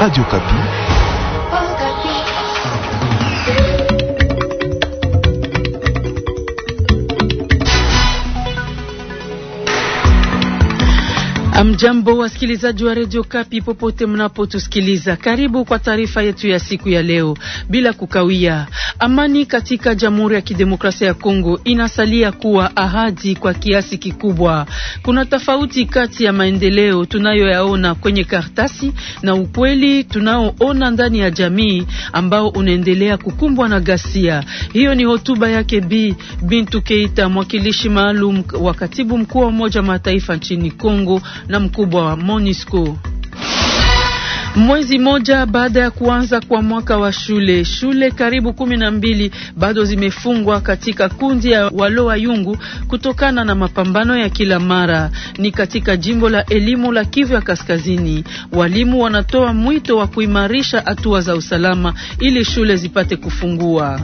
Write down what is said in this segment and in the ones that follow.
Radio Capi Amjambo, wasikilizaji wa redio Kapi popote mnapotusikiliza, karibu kwa taarifa yetu ya siku ya leo. Bila kukawia, amani katika Jamhuri ya Kidemokrasia ya Kongo inasalia kuwa ahadi kwa kiasi kikubwa. Kuna tofauti kati ya maendeleo tunayoyaona kwenye karatasi na ukweli tunaoona ndani ya jamii ambao unaendelea kukumbwa na ghasia. Hiyo ni hotuba yake Bi Bintu Keita, mwakilishi maalum wa katibu mkuu wa Umoja Mataifa nchini Kongo na mkubwa wa Monisco. Mwezi moja baada ya kuanza kwa mwaka wa shule, shule karibu kumi na mbili bado zimefungwa katika kundi ya Waloa Yungu kutokana na mapambano ya kila mara. Ni katika jimbo la elimu la Kivu ya Kaskazini. Walimu wanatoa mwito wa kuimarisha hatua za usalama ili shule zipate kufungua.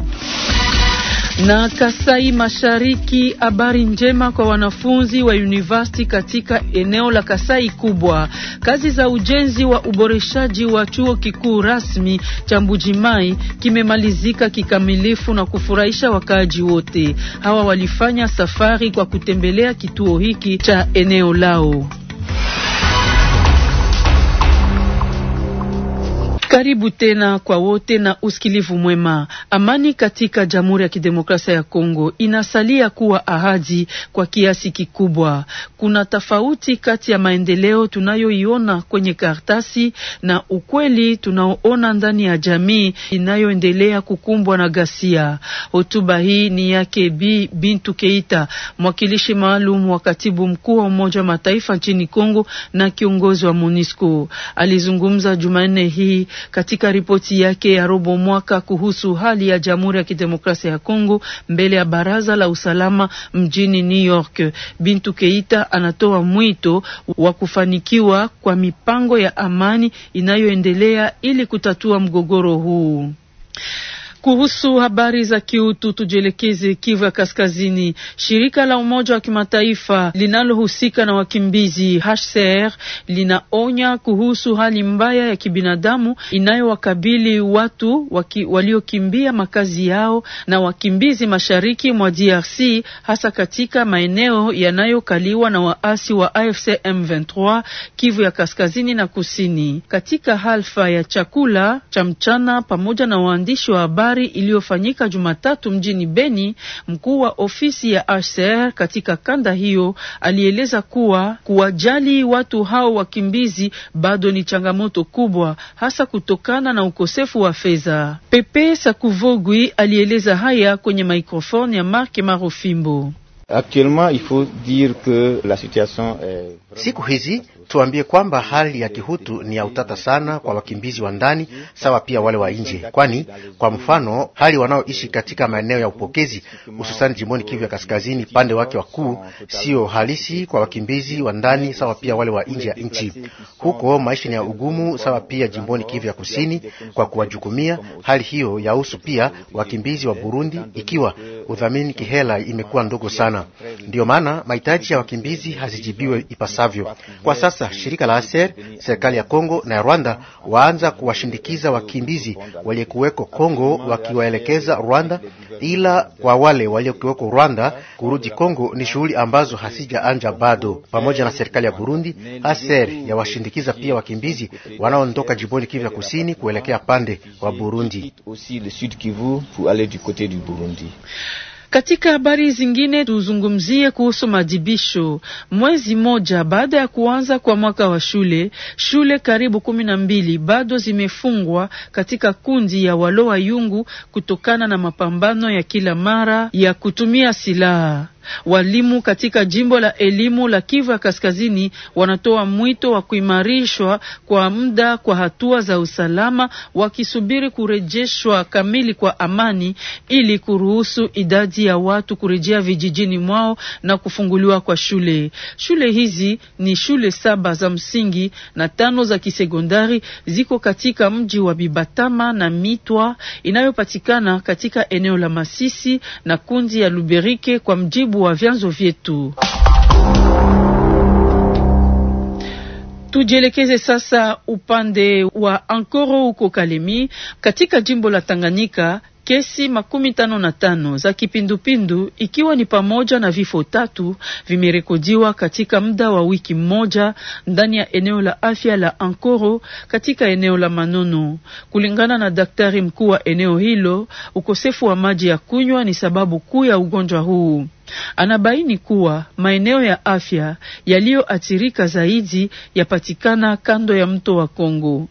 Na Kasai Mashariki, habari njema kwa wanafunzi wa university katika eneo la Kasai kubwa. Kazi za ujenzi wa uboreshaji wa chuo kikuu rasmi cha Mbujimai kimemalizika kikamilifu na kufurahisha wakaaji wote. Hawa walifanya safari kwa kutembelea kituo hiki cha eneo lao. Karibu tena kwa wote na usikilivu mwema. Amani katika Jamhuri ya Kidemokrasia ya Kongo inasalia kuwa ahadi kwa kiasi kikubwa. Kuna tofauti kati ya maendeleo tunayoiona kwenye karatasi na ukweli tunaoona ndani ya jamii inayoendelea kukumbwa na ghasia. Hotuba hii ni yake Bi Bintu Keita, mwakilishi maalum wa katibu mkuu wa Umoja wa Mataifa nchini Kongo na kiongozi wa MONUSCO. Alizungumza Jumanne hii katika ripoti yake ya robo mwaka kuhusu hali ya Jamhuri ya Kidemokrasia ya Kongo mbele ya Baraza la Usalama mjini New York. Bintu Keita anatoa mwito wa kufanikiwa kwa mipango ya amani inayoendelea ili kutatua mgogoro huu. Kuhusu habari za kiutu, tujielekeze Kivu ya Kaskazini. Shirika la Umoja wa Kimataifa linalohusika na wakimbizi HCR linaonya kuhusu hali mbaya ya kibinadamu inayowakabili watu waki, waliokimbia makazi yao na wakimbizi mashariki mwa DRC, hasa katika maeneo yanayokaliwa na waasi wa AFC M23 Kivu ya Kaskazini na Kusini. Katika halfa ya chakula cha mchana pamoja na waandishi wa habari habari iliyofanyika Jumatatu mjini Beni, mkuu wa ofisi ya HCR katika kanda hiyo alieleza kuwa kuwajali watu hao wakimbizi bado ni changamoto kubwa, hasa kutokana na ukosefu wa fedha. Pepe Sakuvogwi alieleza haya kwenye maikrofoni ya marke Marofimbo. Siku hizi tuambie kwamba hali ya kihutu ni ya utata sana kwa wakimbizi wa ndani, sawa pia wale wa nje, kwani kwa mfano hali wanaoishi katika maeneo ya upokezi hususani jimboni Kivu ya Kaskazini pande wake wakuu sio halisi kwa wakimbizi wa ndani, sawa pia wale wa nje ya nchi. Huko maisha ni ya ugumu, sawa pia jimboni Kivu ya Kusini kwa kuwajukumia. Hali hiyo yahusu pia wakimbizi wa Burundi, ikiwa udhamini kihela imekuwa ndogo sana. Bwana. Ndiyo maana mahitaji ya wakimbizi hazijibiwe ipasavyo kwa sasa. Shirika la ASER, serikali ya Kongo na ya Rwanda waanza kuwashindikiza wakimbizi waliokuweko Kongo wakiwaelekeza Rwanda, ila kwa wale waliokuweko Rwanda kurudi Kongo ni shughuli ambazo hazijaanja bado. Pamoja na serikali ya Burundi, ASER yawashindikiza pia wakimbizi wanaondoka jimboni Kivu ya kusini kuelekea pande wa Burundi. Katika habari zingine, tuzungumzie kuhusu maadhibisho. Mwezi mmoja baada ya kuanza kwa mwaka wa shule, shule karibu kumi na mbili bado zimefungwa katika kundi ya waloa yungu kutokana na mapambano ya kila mara ya kutumia silaha. Walimu katika jimbo la elimu la Kivu ya Kaskazini wanatoa mwito wa kuimarishwa kwa muda kwa hatua za usalama, wakisubiri kurejeshwa kamili kwa amani ili kuruhusu idadi ya watu kurejea vijijini mwao na kufunguliwa kwa shule. Shule hizi ni shule saba za msingi na tano za kisekondari ziko katika mji wa Bibatama na Mitwa inayopatikana katika eneo la Masisi na kundi ya Luberike kwa mjibu mujibu wa vyanzo vyetu. Tujielekeze sasa upande wa Ankoro huko Kalemi katika jimbo la Tanganyika. Kesi makumi tano na tano za kipindupindu ikiwa ni pamoja na vifo tatu vimerekodiwa katika muda wa wiki moja ndani ya eneo la afya la Ankoro katika eneo la Manono. Kulingana na daktari mkuu wa eneo hilo, ukosefu wa maji ya kunywa ni sababu kuu ya ugonjwa huu. Anabaini kuwa maeneo ya afya yaliyoathirika zaidi yapatikana kando ya mto wa Kongo.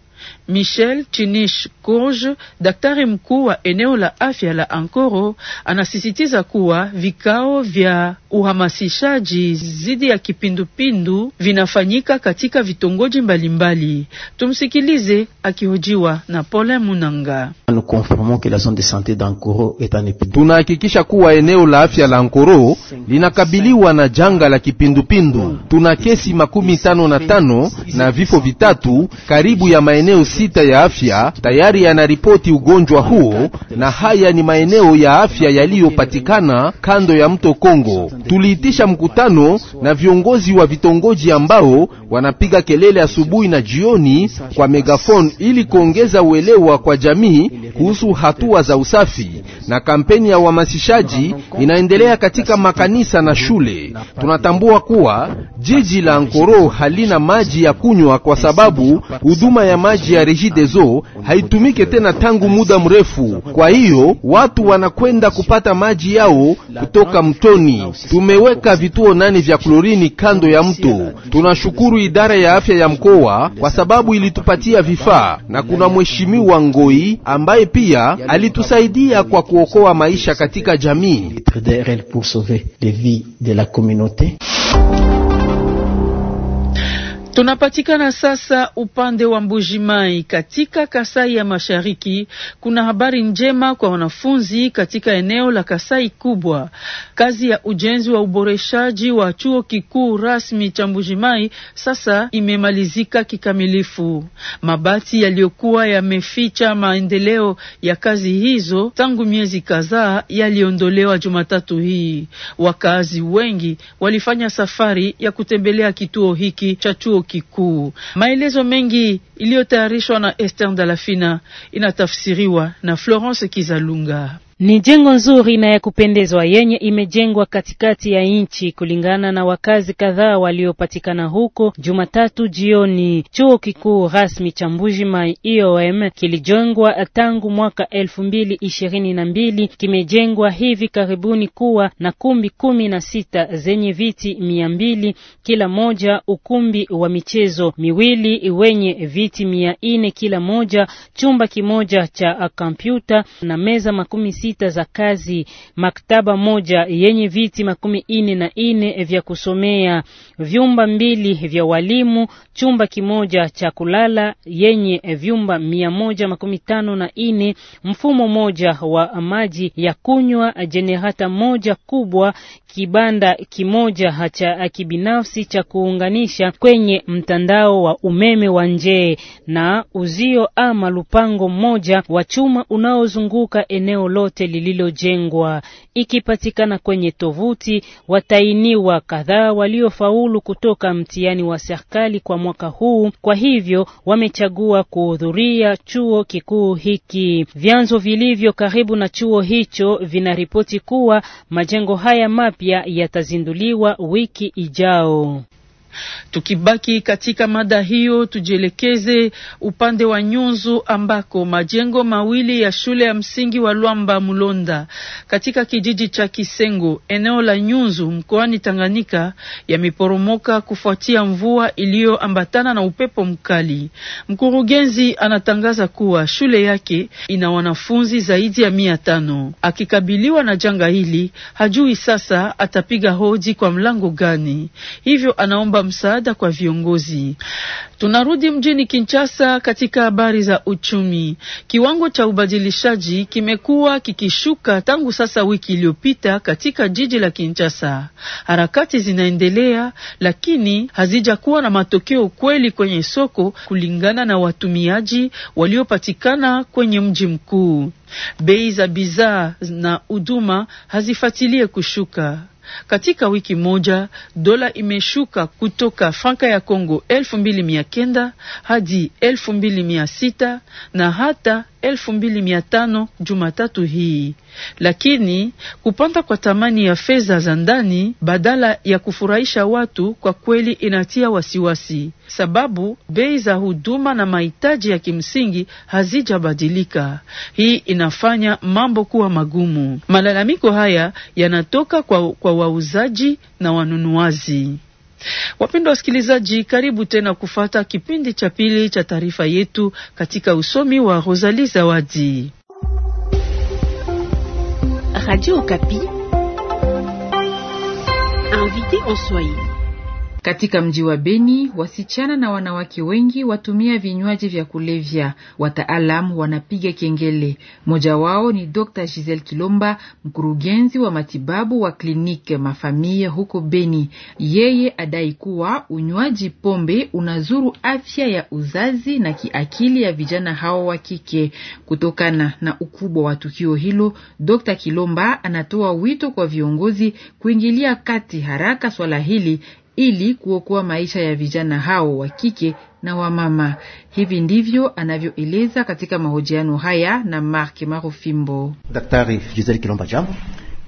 Michel chinish Kurge, daktari mkuu wa eneo la afya la Ankoro, anasisitiza kuwa vikao vya uhamasishaji dhidi ya kipindupindu vinafanyika katika vitongoji mbalimbali mbali. Tumsikilize akihojiwa na Pole Munanga. Tunahakikisha kuwa eneo la afya la Ankoro linakabiliwa na janga la kipindupindu. Tuna kesi makumi tano na tano na vifo vitatu karibu ya maeneo maeneo sita ya afya tayari yanaripoti ugonjwa huo, na haya ni maeneo ya afya yaliyopatikana kando ya mto Kongo. Tuliitisha mkutano na viongozi wa vitongoji ambao wanapiga kelele asubuhi na jioni kwa megafon ili kuongeza uelewa kwa jamii kuhusu hatua za usafi, na kampeni ya uhamasishaji inaendelea katika makanisa na shule. Tunatambua kuwa jiji la nkoro halina maji ya kunywa kwa sababu huduma ya maji maji ya Regideso haitumike tena tangu muda mrefu. Kwa hiyo watu wanakwenda kupata maji yao kutoka mtoni. Tumeweka vituo nane vya klorini kando ya mto. Tunashukuru idara ya afya ya mkoa kwa sababu ilitupatia vifaa, na kuna mheshimiwa Ngoi ambaye pia alitusaidia kwa kuokoa maisha katika jamii. Tunapatikana sasa upande wa Mbujimai katika Kasai ya Mashariki. Kuna habari njema kwa wanafunzi katika eneo la Kasai kubwa. Kazi ya ujenzi wa uboreshaji wa chuo kikuu rasmi cha Mbujimai sasa imemalizika kikamilifu. Mabati yaliyokuwa yameficha maendeleo ya kazi hizo tangu miezi kadhaa yaliondolewa Jumatatu hii. Wakazi wengi walifanya safari ya kutembelea kituo hiki cha chuo kikuu. Maelezo mengi iliyotayarishwa na Esther Dalafina inatafsiriwa na Florence Kizalunga. Ni jengo nzuri na ya kupendezwa yenye imejengwa katikati ya nchi. Kulingana na wakazi kadhaa waliopatikana huko Jumatatu jioni, chuo kikuu rasmi cha mbuji IOM kilijengwa tangu mwaka elfu mbili ishirini na mbili kimejengwa hivi karibuni kuwa na kumbi kumi na sita zenye viti mia mbili kila moja, ukumbi wa michezo miwili wenye viti mia nne kila moja, chumba kimoja cha kompyuta na meza makumi sita za kazi, maktaba moja yenye viti makumi ine na ine vya kusomea, vyumba mbili vya walimu, chumba kimoja cha kulala yenye vyumba mia moja makumi tano na ine, mfumo moja wa maji ya kunywa, jenerata moja kubwa, kibanda kimoja cha kibinafsi cha kuunganisha kwenye mtandao wa umeme wa nje na uzio ama lupango moja wa chuma unaozunguka eneo lote lolote lililojengwa. Ikipatikana kwenye tovuti, watainiwa kadhaa waliofaulu kutoka mtihani wa serikali kwa mwaka huu, kwa hivyo wamechagua kuhudhuria chuo kikuu hiki. Vyanzo vilivyo karibu na chuo hicho vinaripoti kuwa majengo haya mapya yatazinduliwa wiki ijao. Tukibaki katika mada hiyo, tujielekeze upande wa Nyunzu ambako majengo mawili ya shule ya msingi wa Lwamba Mulonda katika kijiji cha Kisengo eneo la Nyunzu mkoani Tanganyika yameporomoka kufuatia mvua iliyoambatana na upepo mkali. Mkurugenzi anatangaza kuwa shule yake ina wanafunzi zaidi ya mia tano. Akikabiliwa na janga hili, hajui sasa atapiga hoji kwa mlango gani, hivyo anaomba msaada kwa viongozi. Tunarudi mjini Kinshasa katika habari za uchumi. Kiwango cha ubadilishaji kimekuwa kikishuka tangu sasa wiki iliyopita katika jiji la Kinshasa. Harakati zinaendelea, lakini hazijakuwa na matokeo kweli kwenye soko, kulingana na watumiaji waliopatikana kwenye mji mkuu. Bei za bidhaa na huduma hazifuatilie kushuka. Katika wiki moja dola imeshuka kutoka franka ya Kongo elfu mbili mia kenda hadi elfu mbili mia sita na hata elfu mbili mia tano Jumatatu hii, lakini kupanda kwa thamani ya fedha za ndani badala ya kufurahisha watu kwa kweli inatia wasiwasi, sababu bei za huduma na mahitaji ya kimsingi hazijabadilika. Hii inafanya mambo kuwa magumu. Malalamiko haya yanatoka kwa, kwa wauzaji na wanunuzi. Wapendwa wasikilizaji, karibu tena kufata kipindi cha pili cha taarifa yetu katika usomi wa Rosalie Zawadi. Radio Kapi. Invité en Swahili. Katika mji wa Beni, wasichana na wanawake wengi watumia vinywaji vya kulevya. Wataalam wanapiga kengele. Mmoja wao ni Dr Giselle Kilomba, mkurugenzi wa matibabu wa klinike Mafamia huko Beni. Yeye adai kuwa unywaji pombe unazuru afya ya uzazi na kiakili ya vijana hao wa kike. Kutokana na ukubwa wa tukio hilo, Dr Kilomba anatoa wito kwa viongozi kuingilia kati haraka swala hili ili kuokoa maisha ya vijana hao wa kike na wamama. Hivi ndivyo anavyoeleza katika mahojiano haya na Mark Marufimbo. Daktari Gisele Kilomba, jambo.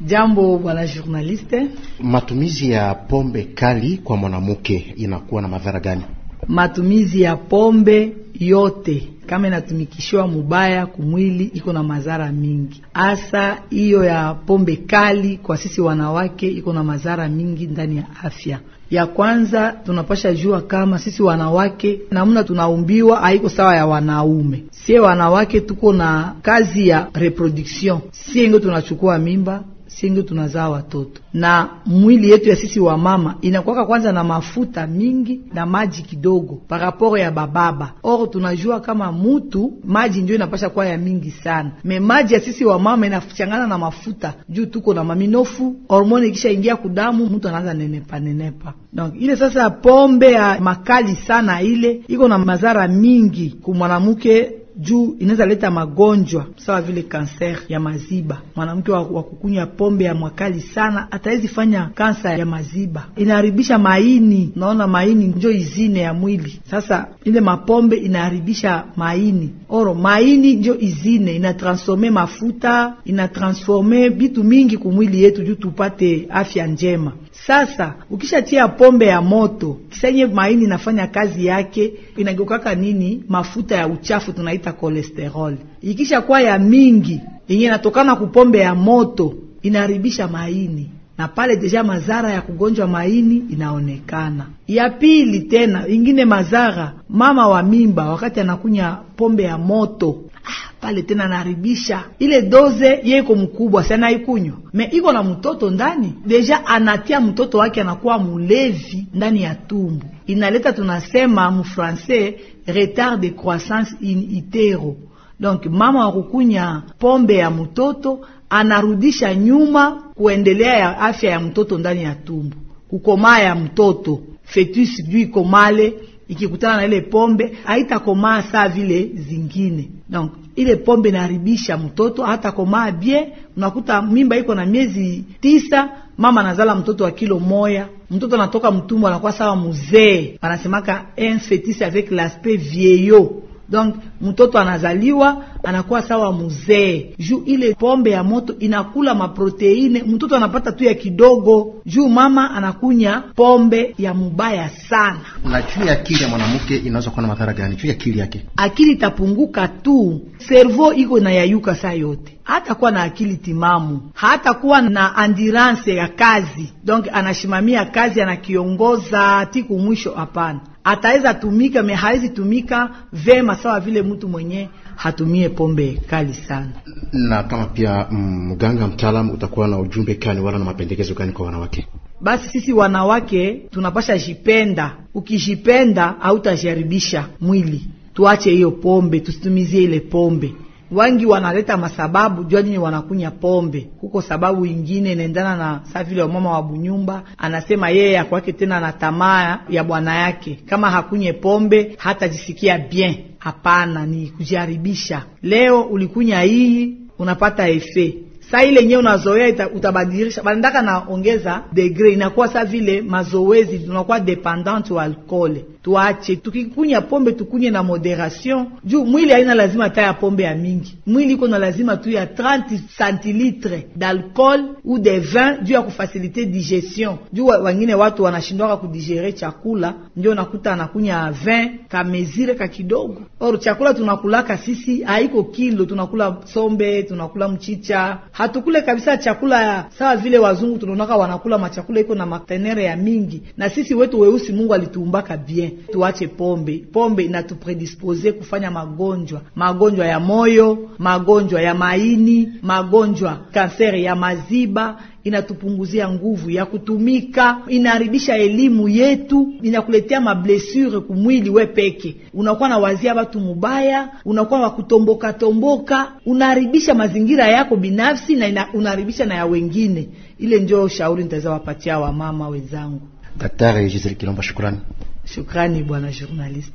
Jambo bwana journaliste. Matumizi ya pombe kali kwa mwanamke inakuwa na madhara gani? matumizi ya pombe yote kama inatumikishiwa mubaya kumwili, iko na madhara mingi, hasa hiyo ya pombe kali. Kwa sisi wanawake iko na madhara mingi ndani ya afya. Ya kwanza tunapasha jua kama sisi wanawake namna tunaumbiwa haiko sawa ya wanaume. Sie wanawake tuko na kazi ya reproduction, sie ngo tunachukua mimba singi tunazaa watoto na mwili yetu ya sisi wa mama inakuwaka kwanza na mafuta mingi na maji kidogo paraporo ya bababa. Or tunajua kama mutu maji ndio inapasha kuwa ya mingi sana, me maji ya sisi wa mama inachangana na mafuta juu tuko na maminofu. Hormone ikisha ingia kudamu, mutu anaanza nenepa nenepa. Donc ile sasa pombe ya makali sana ile iko na madhara mingi kumwanamke juu inaweza leta magonjwa sawa vile kanser ya maziba. Mwanamke wa, kukunywa pombe ya mwakali sana atawezi fanya kansa ya maziba, inaharibisha maini. Unaona, maini njo izine ya mwili. Sasa ile mapombe inaharibisha maini, oro maini njo izine inatransforme mafuta, inatransforme vitu mingi kumwili yetu juu tupate afya njema. Sasa ukishatia pombe ya moto kisenye maini inafanya kazi yake, inageukaka nini? Mafuta ya uchafu tunaita kolesterol. Ikisha kuwa ya mingi yenye inatokana kupombe ya moto inaharibisha maini na pale deja mazara ya kugonjwa maini inaonekana. Ya pili tena ingine mazara mama wa mimba wakati anakunya pombe ya moto ah, pale tena naharibisha ile doze. Yeye iko mkubwa sana ikunywa me iko na mtoto ndani deja, anatia mtoto wake anakuwa mulevi ndani ya tumbu, inaleta tunasema mufrancais retard de croissance in itero. Donc mama wa kukunya pombe ya mtoto anarudisha nyuma kuendelea ya afya ya mtoto ndani ya tumbu, kukomaa ya mtoto fetus juu ikomale ikikutana na ile pombe haitakomaa saa vile zingine. Donc ile pombe inaharibisha mtoto hata komaa bie, unakuta mimba iko na miezi tisa, mama anazala mtoto wa kilo moya, mtoto anatoka mtumbo anakuwa sawa muzee. Wanasemaka un fetus avec l'aspect vieillot Donc mtoto anazaliwa anakuwa sawa muzee, juu ile pombe ya moto inakula maproteine, mtoto anapata tu ya kidogo, juu mama anakunya pombe ya mubaya sana. Na juu ya akili ya mwanamke inaweza kuwa na madhara gani? Juu ya akili yake, akili itapunguka tu, servo iko inayayuka saa yote, hatakuwa na akili timamu, hata kuwa na andiranse ya kazi, donc anashimamia kazi, anakiongoza tiku mwisho, hapana ataweza tumika me hawezi tumika vema sawa vile mtu mwenye hatumie pombe kali sana. Na kama pia mm, mganga mtaalamu, utakuwa na ujumbe kani wala na mapendekezo kani kwa wanawake? Basi sisi wanawake tunapasha jipenda. Ukijipenda hautajaribisha mwili, tuache hiyo pombe, tusitumizie ile pombe. Wangi wanaleta masababu jua nyinyi wanakunya pombe huko. Sababu ingine inaendana na saa vile wa mama wa Bunyumba anasema yeye akwake tena na tamaa ya bwana yake, kama hakunye pombe hatajisikia bien. Hapana, ni kujaribisha. Leo ulikunya hii unapata efe Saa ile yenyewe unazoea utabadilisha, bandaka naongeza degre, inakuwa saa vile mazoezi, tunakuwa dependant wa alkole tuache. Tukikunya pombe tukunye na moderation, juu mwili haina lazima ta ya pombe ya mingi. Mwili iko na lazima tu ya 30 centilitre d'alcool ou de vin juu ya kufasilite digestion, juu wengine watu wanashindwaka kudigere chakula, ndio nakuta anakunya vin ka kamezire ka kidogo. Or chakula tunakulaka sisi haiko kilo, tunakula sombe, tunakula mchicha, hatukule kabisa chakula ya sawa vile wazungu tunaonaka wanakula machakula iko na matenere ya mingi, na sisi wetu weusi Mungu alituumbaka bien tuache pombe. Pombe inatupredispose kufanya magonjwa, magonjwa ya moyo, magonjwa ya maini, magonjwa kanseri ya maziba inatupunguzia nguvu ya kutumika, inaharibisha elimu yetu, inakuletea mablesure kumwili. We peke unakuwa na wazia watu mubaya, unakuwa wa kutomboka tomboka, unaharibisha mazingira yako binafsi na unaharibisha na ya wengine. Ile njo shauri nitaweza wapatia wamama wenzangu. Daktari Giselle Kilomba, shukrani. Shukrani bwana journalist.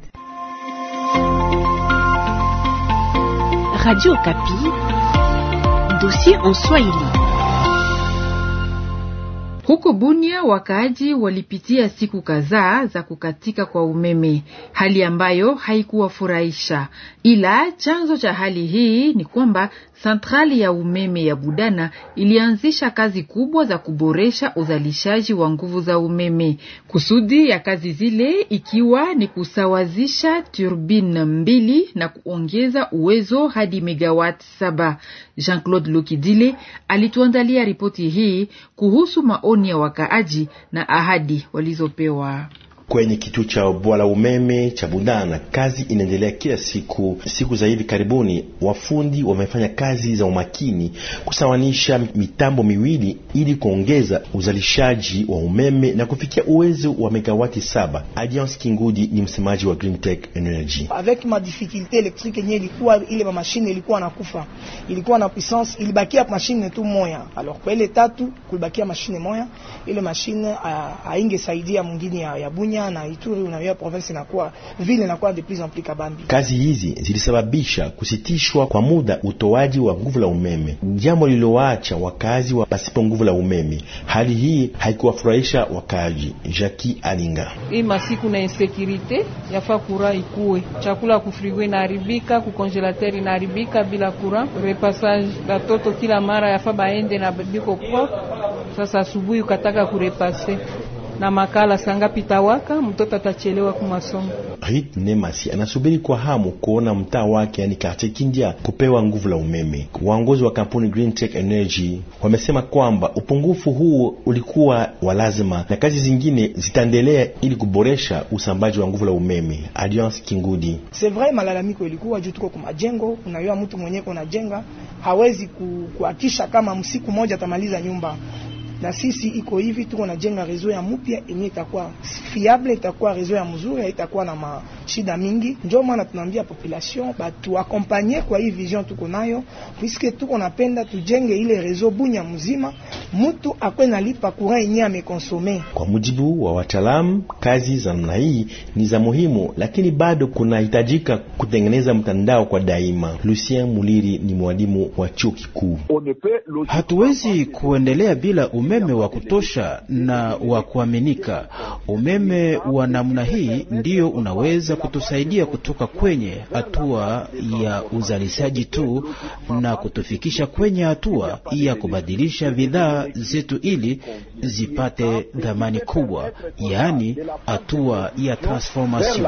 Radio Kapi, dossier en Swahili. Huko Bunia wakaaji walipitia siku kadhaa za kukatika kwa umeme, hali ambayo haikuwafurahisha. Ila chanzo cha hali hii ni kwamba Santrali ya umeme ya Budana ilianzisha kazi kubwa za kuboresha uzalishaji wa nguvu za umeme. Kusudi ya kazi zile ikiwa ni kusawazisha turbine mbili na kuongeza uwezo hadi megawati saba. Jean-Claude lukidile alituandalia ripoti hii kuhusu maoni ya wakaaji na ahadi walizopewa kwenye kituo cha bwa la umeme cha Bundana. Kazi inaendelea kila siku. Siku za hivi karibuni, wafundi wamefanya kazi za umakini kusawanisha mitambo miwili ili kuongeza uzalishaji wa umeme na kufikia uwezo wa megawati saba. Adiance Kingudi ni msemaji wa Green Tech Energy. avec ma difficulté électrique yenye ilikuwa ile ma machine ilikuwa nakufa, ilikuwa na puissance, ilibakia machine tu moya, alors kwa ile tatu kulibakia machine moya, ile machine ah, saidia mwingine ya, ya bunya Bunia na Ituri, unaona province inakuwa vile inakuwa de plus en plus kabambi. Kazi hizi zilisababisha kusitishwa kwa muda utoaji wa nguvu la umeme, jambo lililoacha wakazi wa pasipo nguvu la umeme. Hali hii haikuwafurahisha wakazi. Jaki Alinga: hii masiku na insekirite yafa kura ikue chakula kufrigwe inaharibika, na inaharibika bila kura, repasage batoto kila mara yafaa baende na biko kwa sasa, asubuhi ukataka kurepase na makala sangapi tawaka mtoto atachelewa kumasomo. Rit Nemasi anasubiri kwa hamu kuona mtaa wake, yani quartier Kindia, kupewa nguvu la umeme. Waongozi wa kampuni Green Tech Energy wamesema kwamba upungufu huu ulikuwa wa lazima na kazi zingine zitaendelea ili kuboresha usambaji wa nguvu la umeme. Alliance Kingudi: c'est vrai, malalamiko ilikuwa juu tuko kwa majengo, unayua mtu mwenyewe unajenga hawezi kuhakisha kama msiku mmoja atamaliza nyumba na sisi iko hivi, tuko najenga rezo ya mupya yenye itakuwa fiable, itakuwa rezo ya mzuri, haitakuwa na mashida mingi. Ndio maana tunaambia population batu akompanye kwa hii vision tuko nayo, puisque tuko napenda tujenge ile rezo bunya mzima, mtu akwe nalipa courant yenye amekonsome. Kwa mujibu wa wataalamu, kazi za namna hii ni za muhimu, lakini bado kunahitajika kutengeneza mtandao kwa daima. Lucien Muliri ni mwalimu wa chuo kikuu. Hatuwezi kuendelea bila ume umeme wa kutosha na wa kuaminika. Umeme wa namna hii ndio unaweza kutusaidia kutoka kwenye hatua ya uzalishaji tu na kutufikisha kwenye hatua ya kubadilisha bidhaa zetu ili zipate thamani kubwa, yaani hatua ya transformation.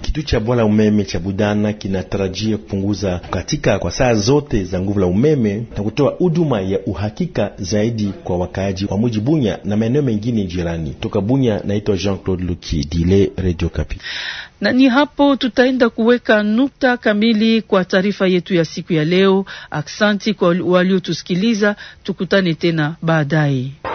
Kitu cha bwala umeme cha Budana kinatarajia kupunguza katika kwa saa zote za nguvu la umeme na kutoa huduma ya uhakika zaidi kwa wakaaji wa mji Bunya na maeneo mengine jirani. Toka Bunya, naitwa Jean-Claude Luki Dile, Radio Kapi. Na ni hapo tutaenda kuweka nukta kamili kwa taarifa yetu ya siku ya leo. Aksanti kwa waliotusikiliza, tukutane tena baadaye.